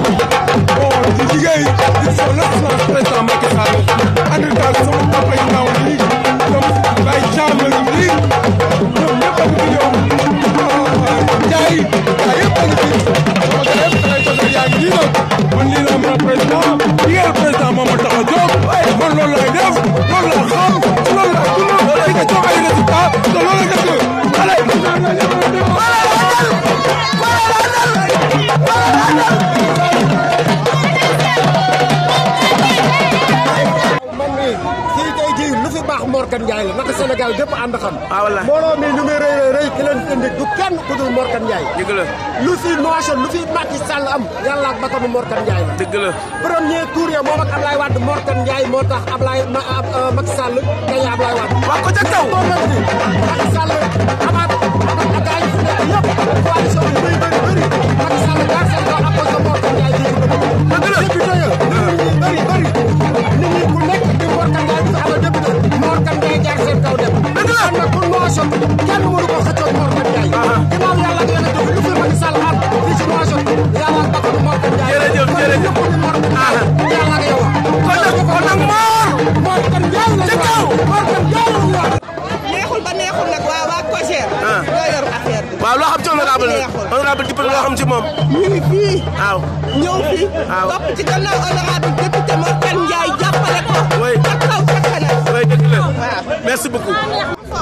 Thank you. si baax Mor Kane Ndiaye la naka Sénégal gépp ànd xam. ah wallaahi mbooloo mi ñu ngi rëy rëy rëy ki leen indi du kenn ku dul Mor Kane Ndiaye. dëgg la lu fi noosoon lu fi Macky Sall am yàlla ak bakkanu Mor Kane Ndiaye la. moo tax Ablaye ma Macky Sall gañ Ablaye Wade. ko ca taw mënu ko xëccoog Mor Kane Ndiaye. ginnaaw yàlla ak yeneen dugub lu fi Macky Sall xaar fii ci Nouakchott yàlla ak bakkanu Mor Kane Ndiaye. jërëjëf jërëjëf kon ñëpp Mor Kane Ndiaye yàlla ak yow. kon nag kon nag Mor. Mor Kane Ndiaye la ñu wax Mor Kane Ndiaye la ñu wax. neexul ba neexul nag waa waa COJER. Ah. ñoo yor affaire bi. waaw loo xam ci honorable honorable député loo xam ci moom. ñu ngi fii. waaw ñëw fii. waaw topp ci gannaaw honorable député Mor Kane Ndiaye jàppale ko. oui ca kaw ca kanam. oui dëgg la merci beaucoup.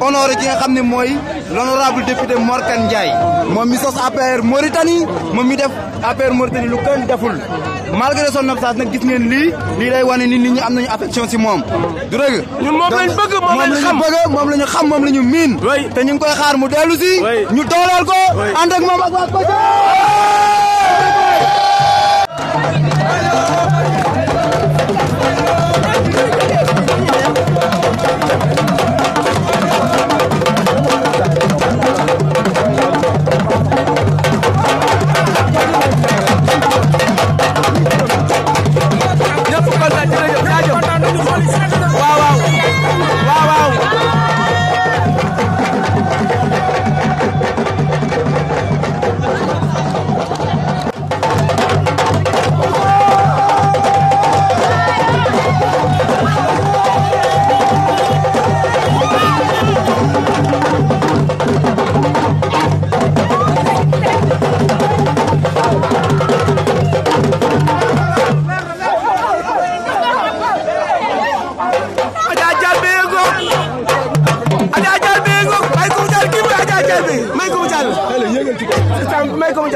honoré ki nga xam ne mooy l'honorable député Morkan Ndiaye moom mi sos APR Mauritanie moom mi def APR Mauritanie lu kenn deful malgré son absence nag gis ngeen lii lii lay wane ni nit ñi am nañu affection si moom du dëgg ñun moom lañ bëgg moom lañ xam moom la ñu xam moom la ñu miin te ñu ngi koy xaar mu dellu si ñu dooleel ko ànd ak moom ak waa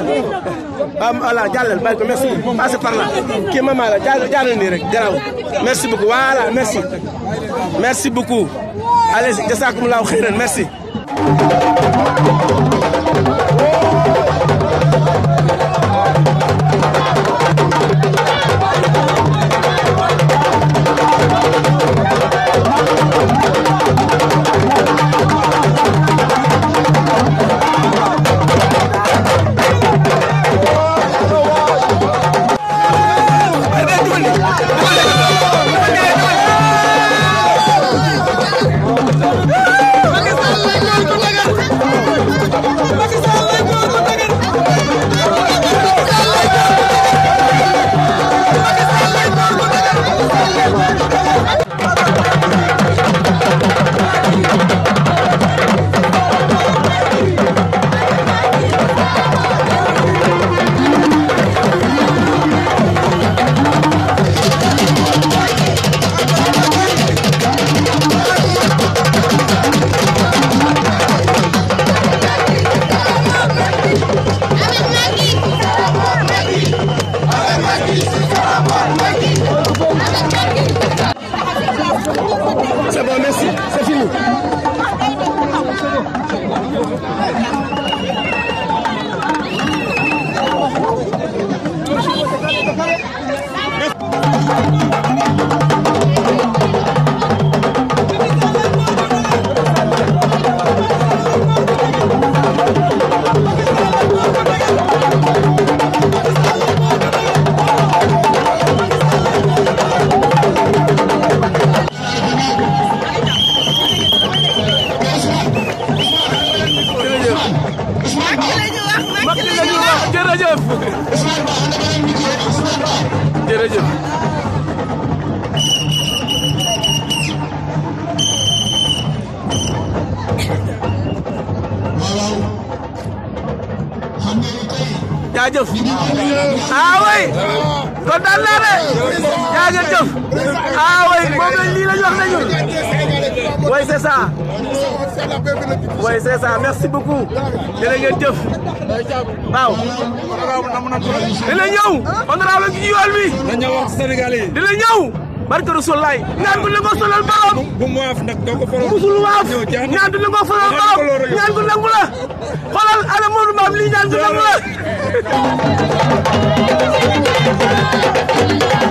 ndeysaan voilà jàllal bàyyi ko merci passez par là kii maman la jàllal nii rek garaaw merci beaucoup voilà merci merci beaucoup allez jasakumulaahu xeyran merci jaajëf ah oui kontaan naa de jaajëf ah oui moom lañ lii lañ wax ne ñun oui c'est ça oui c'est ça merci beaucoup jërë ngeen jëf waaw. dina ñëw honorable ci barke Rasulaay ñaan gu nangoo solal borom bu mu waaf nag doo ko faral musul waaf ñaan gu nangoo solal borom ñaan gu nangu la xoolal ana Modou Maam lii ñaan gu nangu la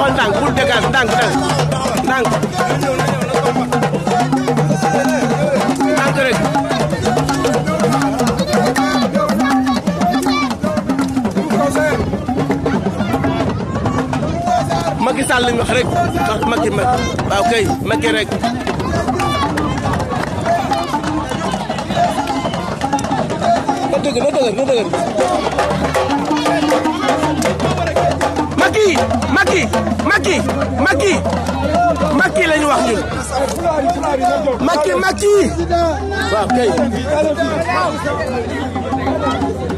doxal ndànk bul dégage ndànk ndànk ndànk rek Macky Sall li mu wax rek wax Macky ma waaw kay Macky rek na dëgg na dëgg na dëgg Maki, Maki, Maki, Maki, Maki, Maki, Maki, Maki.